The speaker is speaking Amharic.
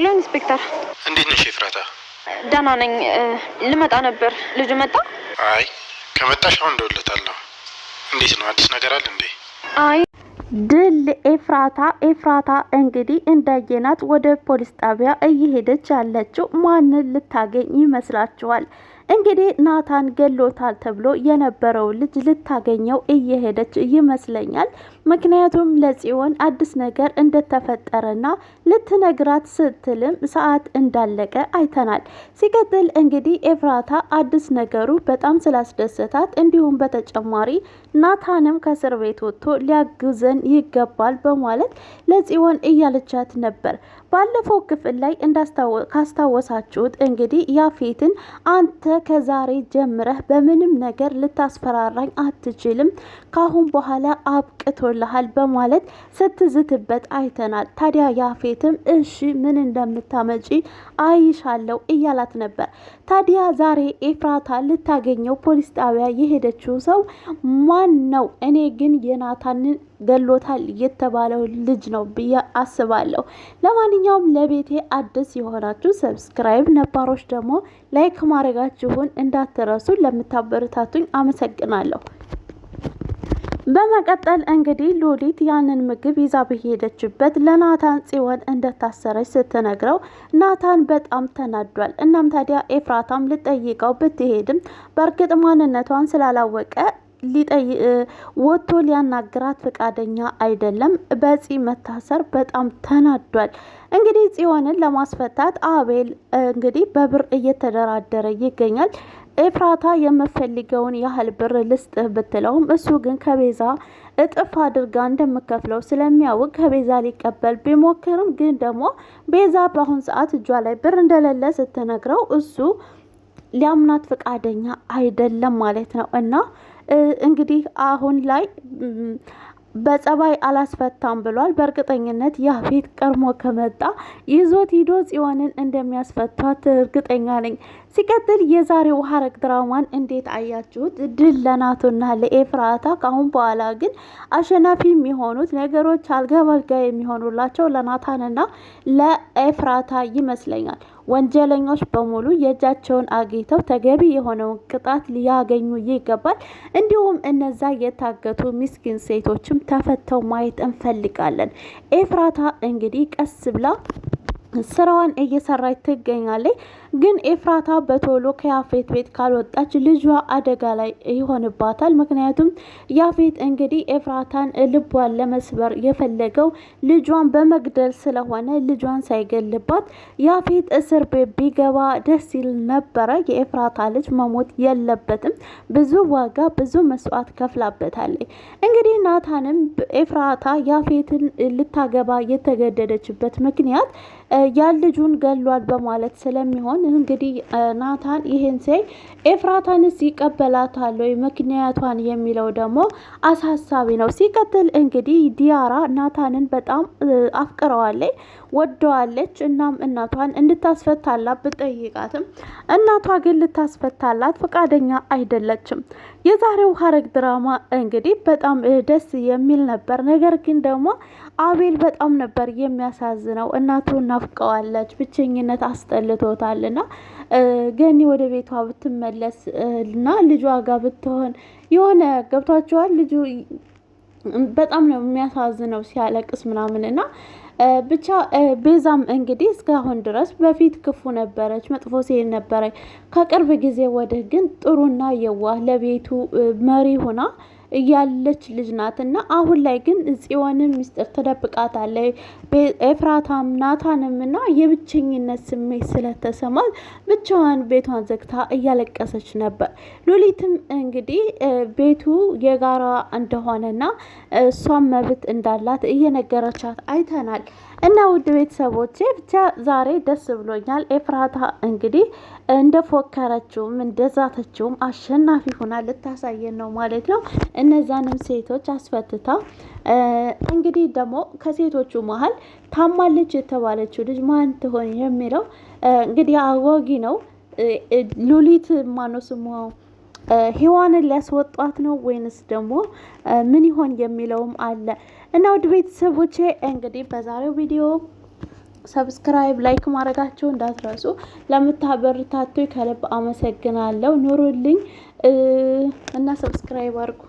ሄሎ ኢንስፔክተር፣ እንዴት ነሽ ፍራታ? ደህና ነኝ። ልመጣ ነበር። ልጁ መጣ? አይ ከመጣሽ አሁን እደውልለታለሁ። እንዴት ነው? አዲስ ነገር አለ እንዴ? አይ ድል ኤፍራታ ኤፍራታ እንግዲህ እንዳየናት ወደ ፖሊስ ጣቢያ እየሄደች ያለችው ማንን ልታገኝ ይመስላችኋል? እንግዲህ ናታን ገሎታል ተብሎ የነበረው ልጅ ልታገኘው እየሄደች ይመስለኛል። ምክንያቱም ለጽዮን አዲስ ነገር እንደተፈጠረና ልትነግራት ስትልም ሰዓት እንዳለቀ አይተናል። ሲቀጥል እንግዲህ ኤፍራታ አዲስ ነገሩ በጣም ስላስደሰታት እንዲሁም በተጨማሪ ናታንም ከእስር ቤት ወጥቶ ሊያግዘን ይገባል በማለት ለጽዮን እያለቻት ነበር። ባለፈው ክፍል ላይ ካስታወሳችሁት እንግዲህ ያፌትን አንተ ከዛሬ ጀምረህ በምንም ነገር ልታስፈራራኝ አትችልም፣ ካሁን በኋላ አብቅቶል ይሆንልሃል በማለት ስትዝትበት አይተናል። ታዲያ ያፌትም እሺ ምን እንደምታመጪ አይሻለው እያላት ነበር። ታዲያ ዛሬ ኤፍራታ ልታገኘው ፖሊስ ጣቢያ የሄደችው ሰው ማን ነው? እኔ ግን የናታንን ገሎታል የተባለው ልጅ ነው ብዬ አስባለሁ። ለማንኛውም ለቤቴ አዲስ የሆናችሁ ሰብስክራይብ፣ ነባሮች ደግሞ ላይክ ማድረጋችሁን እንዳትረሱ። ለምታበረታቱኝ አመሰግናለሁ። በመቀጠል እንግዲህ ሉሊት ያንን ምግብ ይዛ በሄደችበት ለናታን ጽዮን እንደታሰረች ስትነግረው ናታን በጣም ተናዷል። እናም ታዲያ ኤፍራታም ልጠይቀው ብትሄድም በእርግጥ ማንነቷን ስላላወቀ ወጥቶ ሊያናግራት ፈቃደኛ አይደለም። በፂ መታሰር በጣም ተናዷል። እንግዲህ ጽዮንን ለማስፈታት አቤል እንግዲህ በብር እየተደራደረ ይገኛል። ኤፍራታ የምፈልገውን ያህል ብር ልስጥህ ብትለውም እሱ ግን ከቤዛ እጥፍ አድርጋ እንደምከፍለው ስለሚያውቅ ከቤዛ ሊቀበል ቢሞክርም ግን ደግሞ ቤዛ በአሁን ሰዓት እጇ ላይ ብር እንደሌለ ስትነግረው እሱ ሊያምናት ፈቃደኛ አይደለም ማለት ነው እና እንግዲህ አሁን ላይ በጸባይ አላስፈታም ብሏል። በእርግጠኝነት ያፌት ቀድሞ ከመጣ ይዞት ሂዶ ጽዮንን እንደሚያስፈቷት እርግጠኛ ነኝ። ሲቀጥል የዛሬው ሐረግ ድራማን እንዴት አያችሁት? ድል ለናቶና ለኤፍራታ። ከአሁን በኋላ ግን አሸናፊ የሚሆኑት ነገሮች አልጋ በልጋ የሚሆኑላቸው ለናታንና ለኤፍራታ ይመስለኛል። ወንጀለኞች በሙሉ የእጃቸውን አግኝተው ተገቢ የሆነውን ቅጣት ሊያገኙ ይገባል። እንዲሁም እነዛ የታገቱ ምስኪን ሴቶችም ተፈተው ማየት እንፈልጋለን። ኤፍራታ እንግዲህ ቀስ ብላ ስራዋን እየሰራች ትገኛለች። ግን ኤፍራታ በቶሎ ከያፌት ቤት ካልወጣች ልጇ አደጋ ላይ ይሆንባታል። ምክንያቱም ያፌት እንግዲህ ኤፍራታን ልቧን ለመስበር የፈለገው ልጇን በመግደል ስለሆነ ልጇን ሳይገልባት ያፌት እስር ቤት ቢገባ ደስ ይል ነበረ። የኤፍራታ ልጅ መሞት የለበትም። ብዙ ዋጋ ብዙ መስዋዕት ከፍላበታለች። እንግዲህ ናታንም ኤፍራታ ያፌትን ልታገባ የተገደደችበት ምክንያት ያ ልጁን ገሏል በማለት ስለሚሆን እንግዲህ ናታን ይህን ሲያይ ኤፍራታንስ ይቀበላታል ወይ ምክንያቷን የሚለው ደግሞ አሳሳቢ ነው። ሲቀጥል እንግዲህ ዲያራ ናታንን በጣም አፍቅረዋለች፣ ወደዋለች። እናም እናቷን እንድታስፈታላት ብጠይቃትም እናቷ ግን ልታስፈታላት ፈቃደኛ አይደለችም። የዛሬው ሀረግ ድራማ እንግዲህ በጣም ደስ የሚል ነበር። ነገር ግን ደግሞ አቤል በጣም ነበር የሚያሳዝነው። እናቱ ናፍቀዋለች፣ ብቸኝነት አስጠልቶታል። እና ገኒ ወደ ቤቷ ብትመለስ እና ልጇ ጋር ብትሆን የሆነ ገብቷቸዋል። ልጁ በጣም ነው የሚያሳዝነው ሲያለቅስ ምናምን እና ብቻ ቤዛም እንግዲህ እስካሁን ድረስ በፊት ክፉ ነበረች፣ መጥፎ ሴት ነበረች። ከቅርብ ጊዜ ወዲህ ግን ጥሩና የዋህ ለቤቱ መሪ ሆና ያለች ልጅ ናትና አሁን ላይ ግን ጽዮንን ሚስጥር ትደብቃታለች። ኤፍራታም ናታንም እና የብቸኝነት ስሜት ስለተሰማት ብቻዋን ቤቷን ዘግታ እያለቀሰች ነበር። ሉሊትም እንግዲህ ቤቱ የጋራ እንደሆነና እሷም መብት እንዳላት እየነገረቻት አይተናል። እና ውድ ቤተሰቦቼ ብቻ ዛሬ ደስ ብሎኛል። ኤፍራታ እንግዲህ እንደ ፎከረችውም እንደ ዛተችውም አሸናፊ ሆና ልታሳየን ነው ማለት ነው። እነዛንም ሴቶች አስፈትታ እንግዲህ ደግሞ ከሴቶቹ መሀል ታማለች የተባለችው ልጅ ማን ትሆን የሚለው እንግዲህ አወጊ ነው። ሉሊት ማነው ስሟ? ሔዋንን ሊያስወጧት ነው ወይንስ ደግሞ ምን ይሆን የሚለውም አለ እና ውድ ቤተሰቦቼ እንግዲህ በዛሬው ቪዲዮ ሰብስክራይብ ላይክ ማድረጋቸው እንዳትረሱ። ለምታበረታቱ ከልብ አመሰግናለሁ። ኑሩልኝ እና ሰብስክራይብ አድርጉ።